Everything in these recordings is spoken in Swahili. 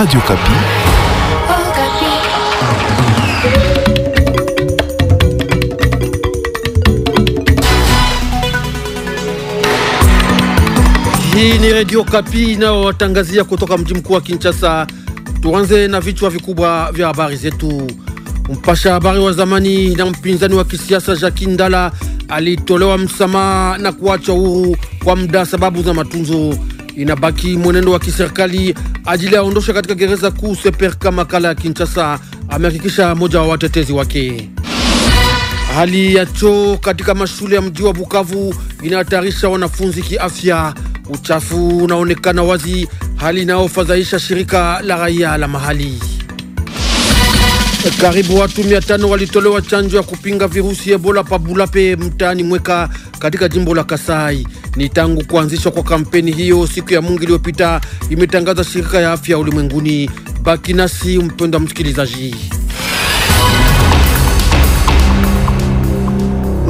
Radio Kapi. Hii ni Radio Kapi inayowatangazia kutoka mji mkuu wa Kinshasa. Tuanze na vichwa vikubwa vya habari zetu. Mpasha habari wa zamani na mpinzani wa kisiasa Jacques Ndala alitolewa msamaha na kuachwa huru kwa muda sababu za matunzo. Inabaki mwenendo wa kiserikali ajili ya ondosha katika gereza kuu Seperka Makala ya Kinshasa, amehakikisha mmoja wa watetezi wake. Hali ya choo katika mashule ya mji wa Bukavu inahatarisha wanafunzi kiafya. Uchafu unaonekana wazi, hali inayofadhaisha shirika la raia la mahali. Karibu watu mia tano walitolewa chanjo ya kupinga virusi Ebola pabulape mtaani Mweka katika jimbo la Kasai. Ni tangu kuanzishwa kwa kampeni hiyo siku ya Mungu iliyopita, imetangaza shirika ya afya ulimwenguni. Baki nasi mpendwa msikilizaji.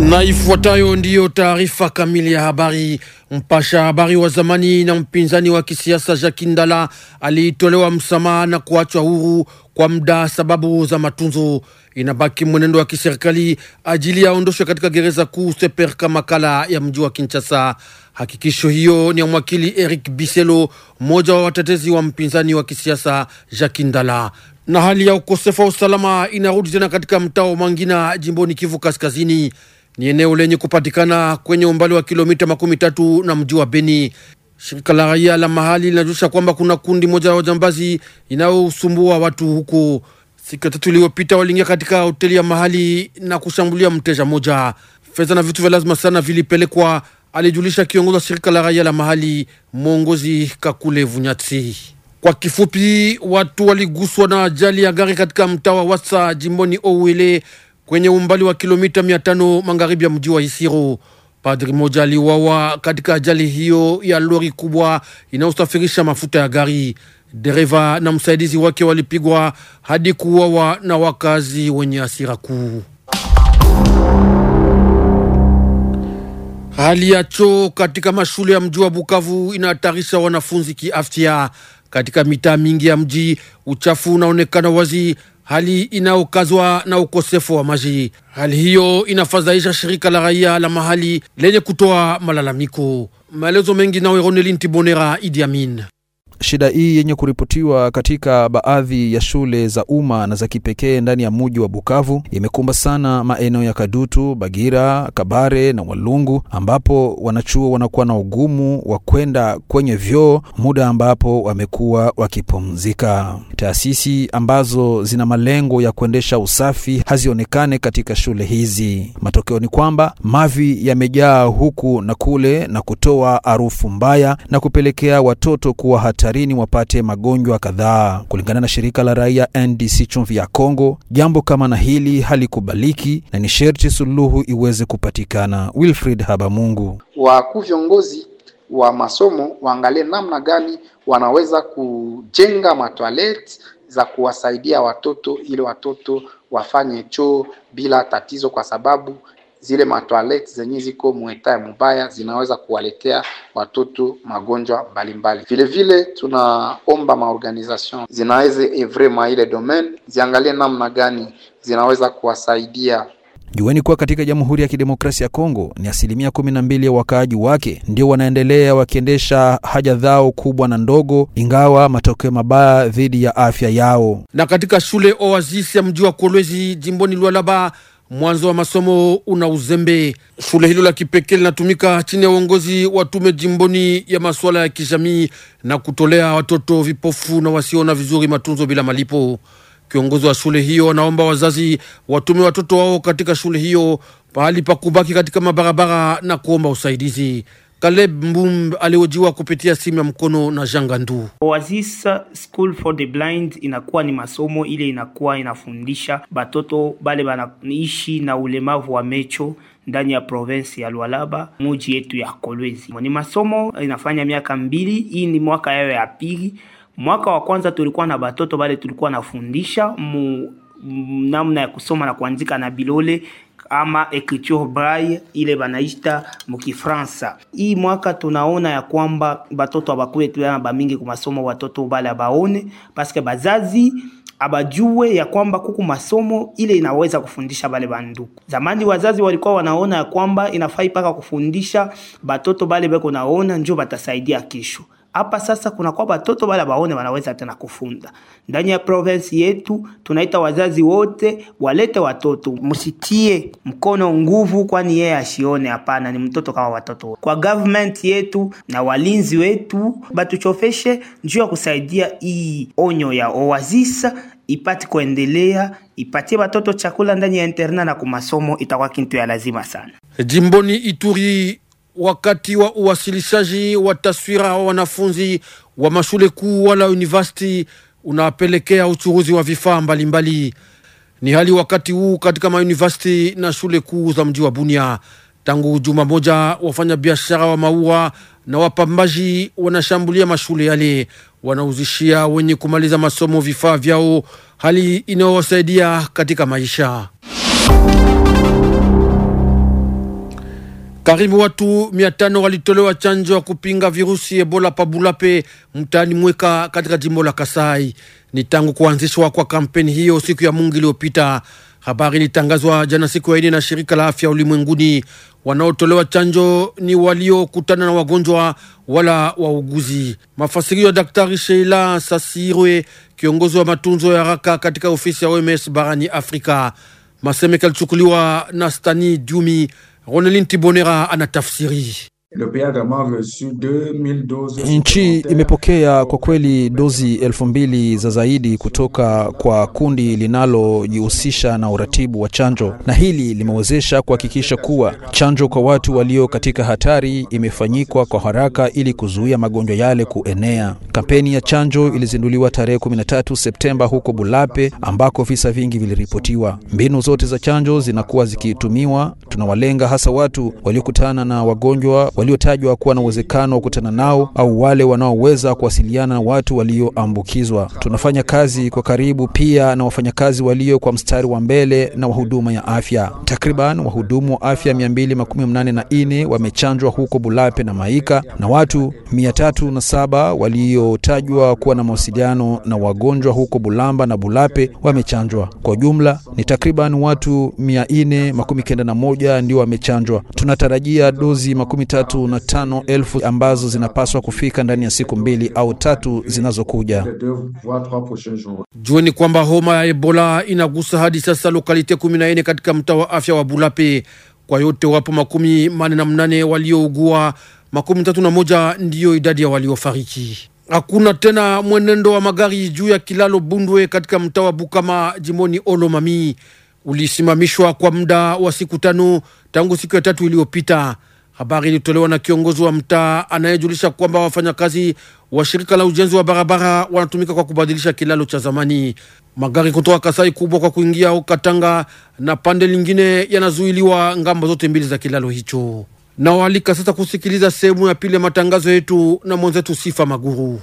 Na ifuatayo ndiyo taarifa kamili ya habari. Mpasha habari wa zamani na mpinzani wa kisiasa Jacques Ndala aliitolewa msamaha na kuachwa huru kwa muda sababu za matunzo. Inabaki mwenendo wa kiserikali ajili yaondoshwe katika gereza kuu Seperka Makala ya mji wa Kinshasa. Hakikisho hiyo ni ya mwakili Eric Biselo, mmoja wa watetezi wa mpinzani wa kisiasa Jacques Ndala na hali ya ukosefu wa usalama inarudi tena katika mtaa wa Mangina jimboni Kivu Kaskazini. Ni eneo lenye kupatikana kwenye umbali wa kilomita makumi tatu na mji wa Beni. Shirika la raia la mahali linajulisha kwamba kuna kundi moja ya wajambazi inayosumbua watu huku. Siku ya tatu iliyopita waliingia katika hoteli ya mahali na kushambulia mteja moja. Fedha na vitu vya lazima sana vilipelekwa, alijulisha kiongozi wa shirika la raia la mahali, mwongozi Kakule Vunyatsi. Kwa kifupi, watu waliguswa na ajali ya gari katika mtaa wa Wasa jimboni Owele kwenye umbali wa kilomita mia tano magharibi ya mji wa Isiro. Padri moja aliuawa katika ajali hiyo ya lori kubwa inayosafirisha mafuta ya gari. Dereva na msaidizi wake walipigwa hadi kuuawa na wakazi wenye hasira kuu. Hali ya choo katika mashule ya mji wa Bukavu inahatarisha wanafunzi kiafya. Katika mitaa mingi ya mji, uchafu unaonekana wazi hali inayokazwa na ukosefu wa maji. Hali hiyo inafadhaisha shirika la raia la mahali lenye kutoa malalamiko. Maelezo mengi nawe Ronelin Tibonera Idi Amin. Shida hii yenye kuripotiwa katika baadhi ya shule za umma na za kipekee ndani ya muji wa Bukavu imekumba sana maeneo ya Kadutu, Bagira, Kabare na Walungu, ambapo wanachuo wanakuwa na ugumu wa kwenda kwenye vyoo muda ambapo wamekuwa wakipumzika. Taasisi ambazo zina malengo ya kuendesha usafi hazionekane katika shule hizi. Matokeo ni kwamba mavi yamejaa huku na kule na kutoa harufu mbaya na kupelekea watoto kuwa hata hatarini wapate magonjwa kadhaa, kulingana na shirika la raia NDC Chumvi ya Kongo. Jambo kama na hili halikubaliki na ni sherti suluhu iweze kupatikana. Wilfred Habamungu: wakuu viongozi wa masomo waangalie namna gani wanaweza kujenga matoilet za kuwasaidia watoto ili watoto wafanye choo bila tatizo, kwa sababu zile matoilet zenye ziko mueta ya mubaya zinaweza kuwaletea watoto magonjwa mbalimbali. Vilevile tunaomba maorganization zinaweze evre maile domain ziangalie namna gani zinaweza kuwasaidia. Jueni kuwa katika Jamhuri ya Kidemokrasia ya Kongo ni asilimia kumi na mbili ya wakaaji wake ndio wanaendelea wakiendesha haja zao kubwa na ndogo, ingawa matokeo mabaya dhidi ya afya yao. Na katika shule Oasis ya mji wa Kolwezi jimboni Lualaba mwanzo wa masomo una uzembe. Shule hilo la kipekee linatumika chini ya uongozi wa tume jimboni ya masuala ya kijamii na kutolea watoto vipofu na wasiona vizuri matunzo bila malipo. Kiongozi wa shule hiyo anaomba wazazi watume watoto wao katika shule hiyo pahali pa kubaki katika mabarabara na kuomba usaidizi. Caleb Mbum aliojiwa kupitia simu ya mkono na Jangandu. Oasis School for the Blind inakuwa ni masomo ile inakuwa inafundisha batoto bale banaishi na ulemavu wa mecho ndani ya province ya Lualaba muji yetu ya Kolwezi. Ni masomo inafanya miaka mbili, hii ni mwaka yao ya pili. Mwaka wa kwanza tulikuwa na batoto bale tulikuwa nafundisha mu namna ya kusoma na kuandika na bilole ama écriture braille ile banaita mukifransa. Hii mwaka tunaona ya kwamba batoto abakuye ba bamingi kumasomo, watoto bale baone paske bazazi abajue ya kwamba kuku masomo ile inaweza kufundisha bale banduku. Zamani wazazi walikuwa wanaona ya kwamba inafai paka kufundisha batoto bale beko naona njo batasaidia kesho. Hapa sasa kuna kwa watoto wala waone wanaweza tena kufunda. Ndani ya province yetu tunaita wazazi wote walete watoto, msitie mkono nguvu, kwani yeye ashione. Hapana, ni mtoto kama watoto. Kwa government yetu na walinzi wetu batuchofeshe njuu ya kusaidia hii onyo ya owazisa ipati kuendelea ipatie watoto chakula ndani ya interna na kumasomo, itakuwa kintu ya lazima sana jimboni Ituri wakati wa uwasilishaji wa taswira wa wanafunzi wa mashule kuu wala university unapelekea uchuruzi wa vifaa mbalimbali. Ni hali wakati huu katika mauniversity na shule kuu za mji wa Bunia. Tangu juma moja, wafanya biashara wa maua na wapambaji wanashambulia mashule yale, wanauzishia wenye kumaliza masomo vifaa vyao, hali inayowasaidia katika maisha karibu watu mia tano walitolewa chanjo ya kupinga virusi Ebola pabulape mtaani Mweka katika jimbo la Kasai. Ni tangu kuanzishwa kwa kampeni hiyo siku ya Mungu iliyopita. Habari ilitangazwa jana siku ya ine na shirika la afya ulimwenguni. Wanaotolewa chanjo ni waliokutana na wagonjwa wala wauguzi. Mafasirio ya Daktari Sheila Sasirwe, kiongozi wa matunzo ya haraka katika ofisi ya OMS barani Afrika. Masemeka alichukuliwa na Stani Dumi Roneline Tibonera anatafsiri Nchi imepokea kwa kweli dozi elfu mbili za zaidi kutoka kwa kundi linalojihusisha na uratibu wa chanjo, na hili limewezesha kuhakikisha kuwa chanjo kwa watu walio katika hatari imefanyikwa kwa haraka ili kuzuia magonjwa yale kuenea. Kampeni ya chanjo ilizinduliwa tarehe 13 Septemba huko Bulape ambako visa vingi viliripotiwa. Mbinu zote za chanjo zinakuwa zikitumiwa, tunawalenga hasa watu waliokutana na wagonjwa waliotajwa kuwa na uwezekano wa kutana nao au wale wanaoweza kuwasiliana na watu walioambukizwa. Tunafanya kazi kwa karibu pia na wafanyakazi walio kwa mstari wa mbele na wahuduma ya afya. Takriban wahudumu wa afya 284 wamechanjwa huko Bulape na Maika na watu 307 waliotajwa kuwa na mawasiliano na wagonjwa huko Bulamba na Bulape wamechanjwa. Kwa jumla ni takriban watu 491 ndio wamechanjwa. Tunatarajia dozi makumi tatu tatu na tano elfu ambazo zinapaswa kufika ndani ya siku mbili au tatu zinazokuja. Jueni kwamba homa ya Ebola inagusa hadi sasa lokalite kumi na nne katika mtaa wa afya wa Bulape. Kwa yote wapo makumi mane na mnane waliougua, makumi tatu na moja ndiyo idadi ya waliofariki. Hakuna tena mwenendo wa magari juu ya kilalo Bundwe katika mtaa wa Bukama jimoni Olomami ulisimamishwa kwa muda wa siku tano tangu siku ya tatu iliyopita. Habari ilitolewa na kiongozi wa mtaa anayejulisha kwamba wafanyakazi wa shirika la ujenzi wa barabara wanatumika kwa kubadilisha kilalo cha zamani. Magari kutoka Kasai kubwa kwa kuingia Okatanga na pande lingine yanazuiliwa ngambo zote mbili za kilalo hicho. Nawaalika sasa kusikiliza sehemu ya pili ya matangazo yetu na mwenzetu Sifa Maguru.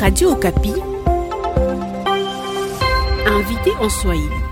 Radio Okapi, invité en Swahili.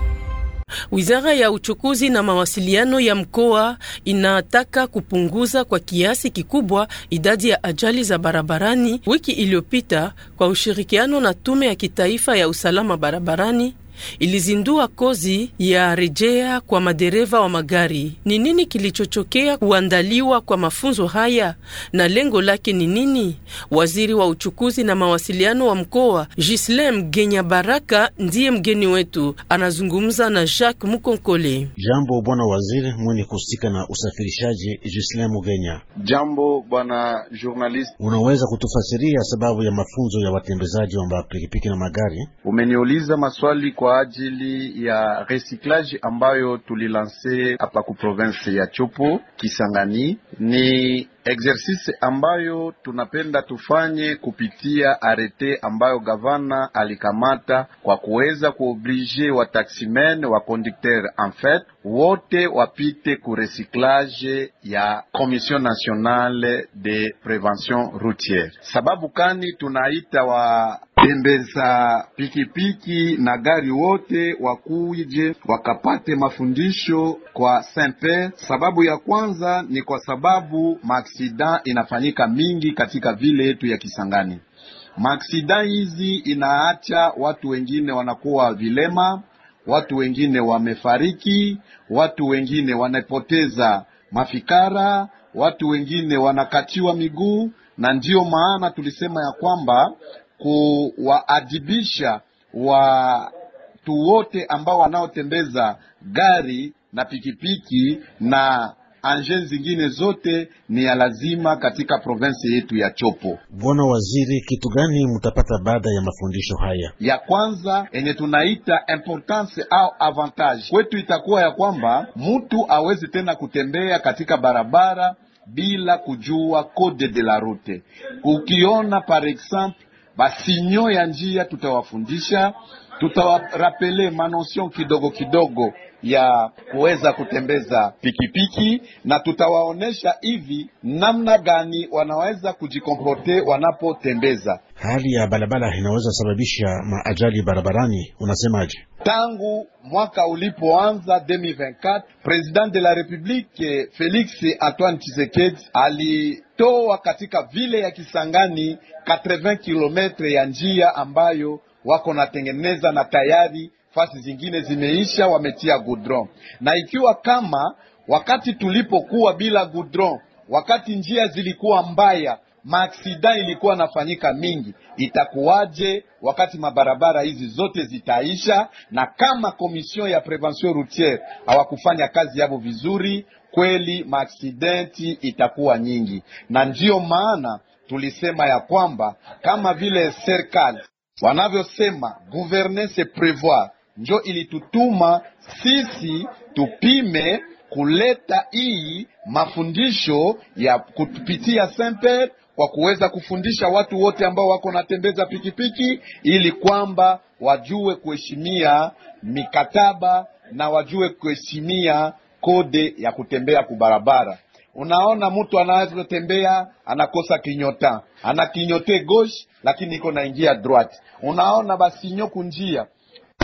Wizara ya uchukuzi na mawasiliano ya mkoa inataka kupunguza kwa kiasi kikubwa idadi ya ajali za barabarani wiki iliyopita kwa ushirikiano na tume ya kitaifa ya usalama barabarani ilizindua kozi ya rejea kwa madereva wa magari. Ni nini kilichochokea kuandaliwa kwa mafunzo haya na lengo lake ni nini? Waziri wa uchukuzi na mawasiliano wa mkoa Gislem Genya Baraka ndiye mgeni wetu, anazungumza na Jacques Mukonkole. Jambo bwana waziri mwenye kuhusika na usafirishaji Gislem Genya. Jambo bwana journalist, unaweza kutufasiria sababu ya mafunzo ya watembezaji wa pikipiki na magari? Umeniuliza maswali kwa kwa ajili ya recyclage ambayo tulilanse hapa ku province ya Chopo Kisangani. Ni exercise ambayo tunapenda tufanye kupitia arete ambayo gavana alikamata kwa kuweza kuoblige wa taximen wa conducteur en fait wote wapite ku recyclage ya Commission nationale de prevention routière. Sababu kani tunaita wa tembeza pikipiki na gari wote wakuje wakapate mafundisho kwa Saint Pierre. Sababu ya kwanza ni kwa sababu maaksida inafanyika mingi katika vile yetu ya Kisangani. Maaksida hizi inaacha watu wengine wanakuwa vilema, watu wengine wamefariki, watu wengine wanapoteza mafikara, watu wengine wanakatiwa miguu, na ndiyo maana tulisema ya kwamba kuwaadibisha watu wote ambao wanaotembeza gari na pikipiki na anje zingine zote ni ya lazima katika provinsi yetu ya Chopo. Bwana Waziri, kitu gani mtapata baada ya mafundisho haya? Ya kwanza yenye tunaita importance au avantage kwetu itakuwa ya kwamba mtu awezi tena kutembea katika barabara bila kujua code de la route. Ukiona par exemple basinyo ya njia tutawafundisha, tutawarapele manosion kidogo kidogo ya kuweza kutembeza pikipiki piki, na tutawaonyesha hivi namna gani wanaweza kujikomporte wanapotembeza hali ya barabara inaweza sababisha maajali barabarani, unasemaje? Tangu mwaka ulipoanza 2024 president de la republique Felix Antoine Tshisekedi alitoa katika vile ya Kisangani 80 kilometre ya njia ambayo wako natengeneza na tayari fasi zingine zimeisha, wametia goudron, na ikiwa kama wakati tulipokuwa bila goudron, wakati njia zilikuwa mbaya maaksida ilikuwa nafanyika mingi, itakuwaje wakati mabarabara hizi zote zitaisha? Na kama komision ya prevention routiere hawakufanya kazi yavo vizuri, kweli maaksidenti itakuwa nyingi, na ndiyo maana tulisema ya kwamba kama vile serikali wanavyosema gouverner prevoir, njo ilitutuma sisi tupime kuleta hii mafundisho ya kupitia Semper kwa kuweza kufundisha watu wote ambao wako natembeza pikipiki, ili kwamba wajue kuheshimia mikataba na wajue kuheshimia kode ya kutembea kubarabara. Unaona, mtu anaweza anakosa kinyota, ana kinyote gauche, lakini iko naingia droite. Unaona basinyo kunjia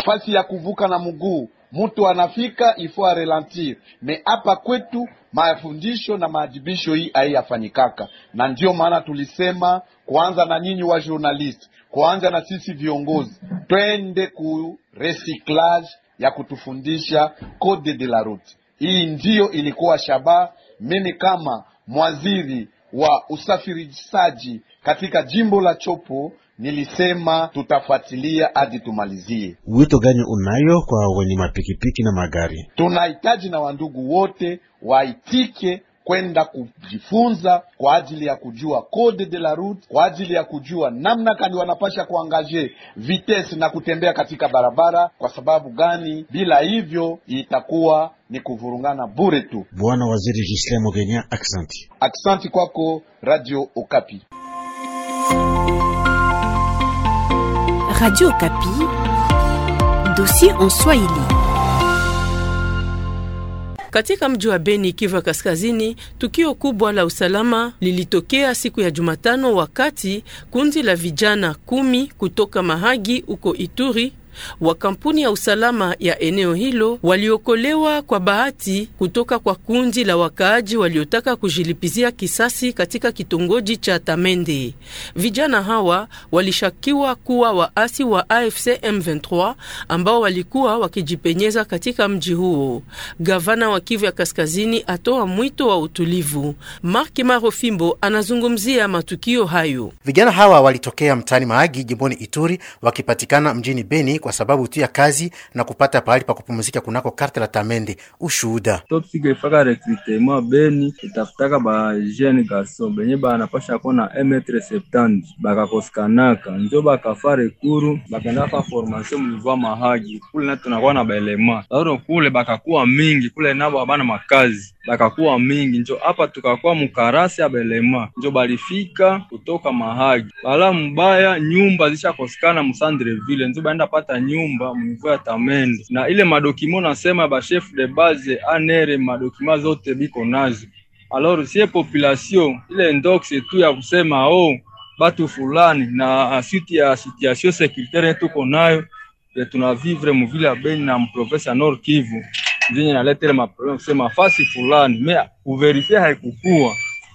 fasi ya kuvuka na mguu mtu anafika ifo arelantir me hapa kwetu mafundisho na maadibisho hii haiyafanyikaka, na ndiyo maana tulisema kuanza na nyinyi wa journalist, kuanza na sisi viongozi, twende ku recyclage ya kutufundisha code de la route. Hii ndiyo ilikuwa shabaha. Mimi kama mwaziri wa usafirishaji katika jimbo la Chopo Nilisema tutafuatilia hadi tumalizie. Wito gani unayo kwa wenye mapikipiki na magari? Tunahitaji na wandugu wote waitike kwenda kujifunza kwa ajili ya kujua code de la route, kwa ajili ya kujua namna kani wanapasha kuangaje vitesi na kutembea katika barabara. Kwa sababu gani? Bila hivyo itakuwa ni kuvurungana bure tu. Bwana Waziri Gislemo Kenya, aksanti. Aksanti kwako Radio Okapi. Radio Kapi. Dossier en Swahili. Katika mji wa Beni, Kivu Kaskazini, tukio kubwa la usalama lilitokea siku ya Jumatano wakati kundi la vijana kumi kutoka Mahagi huko Ituri wa kampuni ya usalama ya eneo hilo waliokolewa kwa bahati kutoka kwa kundi la wakaaji waliotaka kujilipizia kisasi katika kitongoji cha Tamende. Vijana hawa walishakiwa kuwa waasi wa AFC M23 ambao walikuwa wakijipenyeza katika mji huo. Gavana wa Kivu ya Kaskazini atoa mwito wa utulivu. Mark Marofimbo anazungumzia matukio hayo. Vijana hawa walitokea mtaani maagi jimboni Ituri, wakipatikana mjini Beni kwa sababu tu ya kazi na kupata pahali pa kupumzika kunako karte la Tamende. Ushuhuda topsikaifaka rekrutema beni itafutaka ba jeune garson benye banapasha ko na emetre septante bakakosikanaka njo bakafa rekuru bakaendaka formation mlivua mahagi kule na tunakuwa na baelema ao kule bakakuwa mingi kule nabo abana makazi bakakuwa mingi njo hapa tukakuwa mukarasi ya belema njo balifika kutoka mahagi bala mbaya nyumba zishakosikana musandreville njo baenda pata hata nyumba muvue atamende na ile madokima nasema bashef de base anere madokima zote biko nazo alors sie population ile ndox tu ya kusema o oh, batu fulani na suite ya situation securitaire tuko nayo ya eh, tunavivre muvile ya Beni na mprovensa ya Nord Kivu zenye naleta ile maprobleme kusema fasi fulani me kuverifia haikukua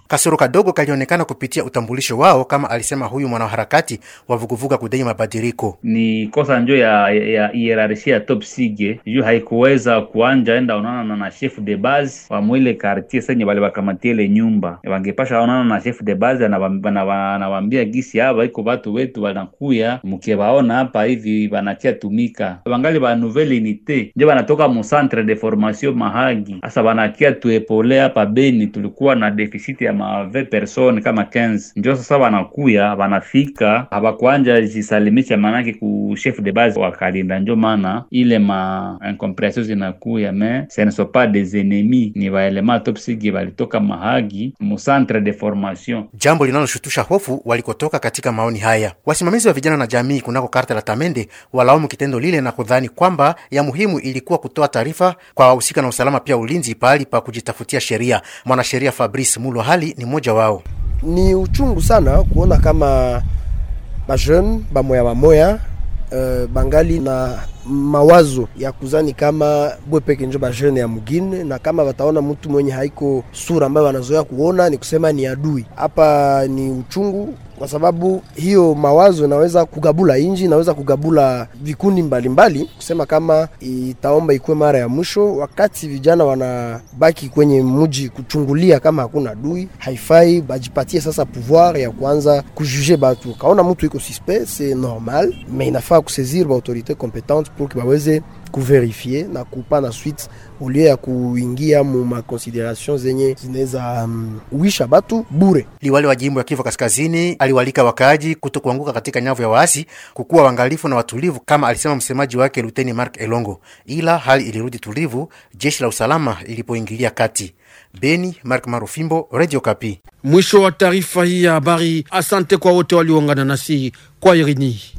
Kasoro kadogo kalionekana kupitia utambulisho wao, kama alisema huyu mwanaharakati wa vuguvuga kudai mabadiliko. Ni kosa njo ya ya hierarchia ya top sige juu haikuweza kuanja enda onana na chef de base wa mwile quartier senye bale bakamatie ile nyumba, wangepasha onana na chef de base, anawambia gisi hapa iko watu wetu wanakuya, mkibaona hapa hivi banakia tumika wangali ba nouvelle unité nje wanatoka mu centre de formation Mahagi, asa wanakia tuepole hapa Beni, tulikuwa na deficit ya ma 20 person kama 15 njo sasa wanakuya wanafika, hawakwanja jisalimisha manake ku chef de base wa Kalinda. maana ile ma incompréhension zinakuya me ce ne sont pas des ennemis, ni waelema topsigi walitoka Mahagi mu centre de formation, jambo linaloshutusha hofu walikotoka. Katika maoni haya, wasimamizi wa vijana na jamii kunako karta la Tamende walaumu kitendo lile na kudhani kwamba ya muhimu ilikuwa kutoa taarifa kwa wahusika na usalama, pia ulinzi pahali pa kujitafutia sheria. Mwanasheria Fabrice Mulo hali Mali ni mmoja wao. Ni uchungu sana kuona kama bajeune bamoya bamoya uh, bangali na mawazo ya kuzani kama bwe peke njo bajeune ya mugine, na kama wataona mtu mwenye haiko sura ambayo wanazoea kuona ni kusema ni adui. Hapa ni uchungu kwa sababu hiyo mawazo inaweza kugabula inji, inaweza kugabula vikundi mbalimbali mbali. Kusema kama itaomba ikuwe mara ya mwisho, wakati vijana wanabaki kwenye mji kuchungulia kama hakuna dui, haifai bajipatie sasa pouvoir ya kuanza kujuge batu. Kaona mtu iko suspect c'est normal, mais inafaa kusaisir ba autorité competente pour que baweze kuverifie na na suite ulio ya kuingia mu makonsideration zenye zinaweza um, batu bure. Liwali wa jimbo ya Kivu Kaskazini aliwalika wakaaji kuto kuanguka katika nyavu ya waasi, kukuwa wangalifu na watulivu, kama alisema msemaji wake Luteni Mark Elongo. Ila hali ilirudi tulivu jeshi la usalama ilipoingilia kati. Beni, Mark Marufimbo, Radio Kapi. Mwisho wa taarifa hii ya habari. Asante kwa wote walioungana nasi kwa Irini.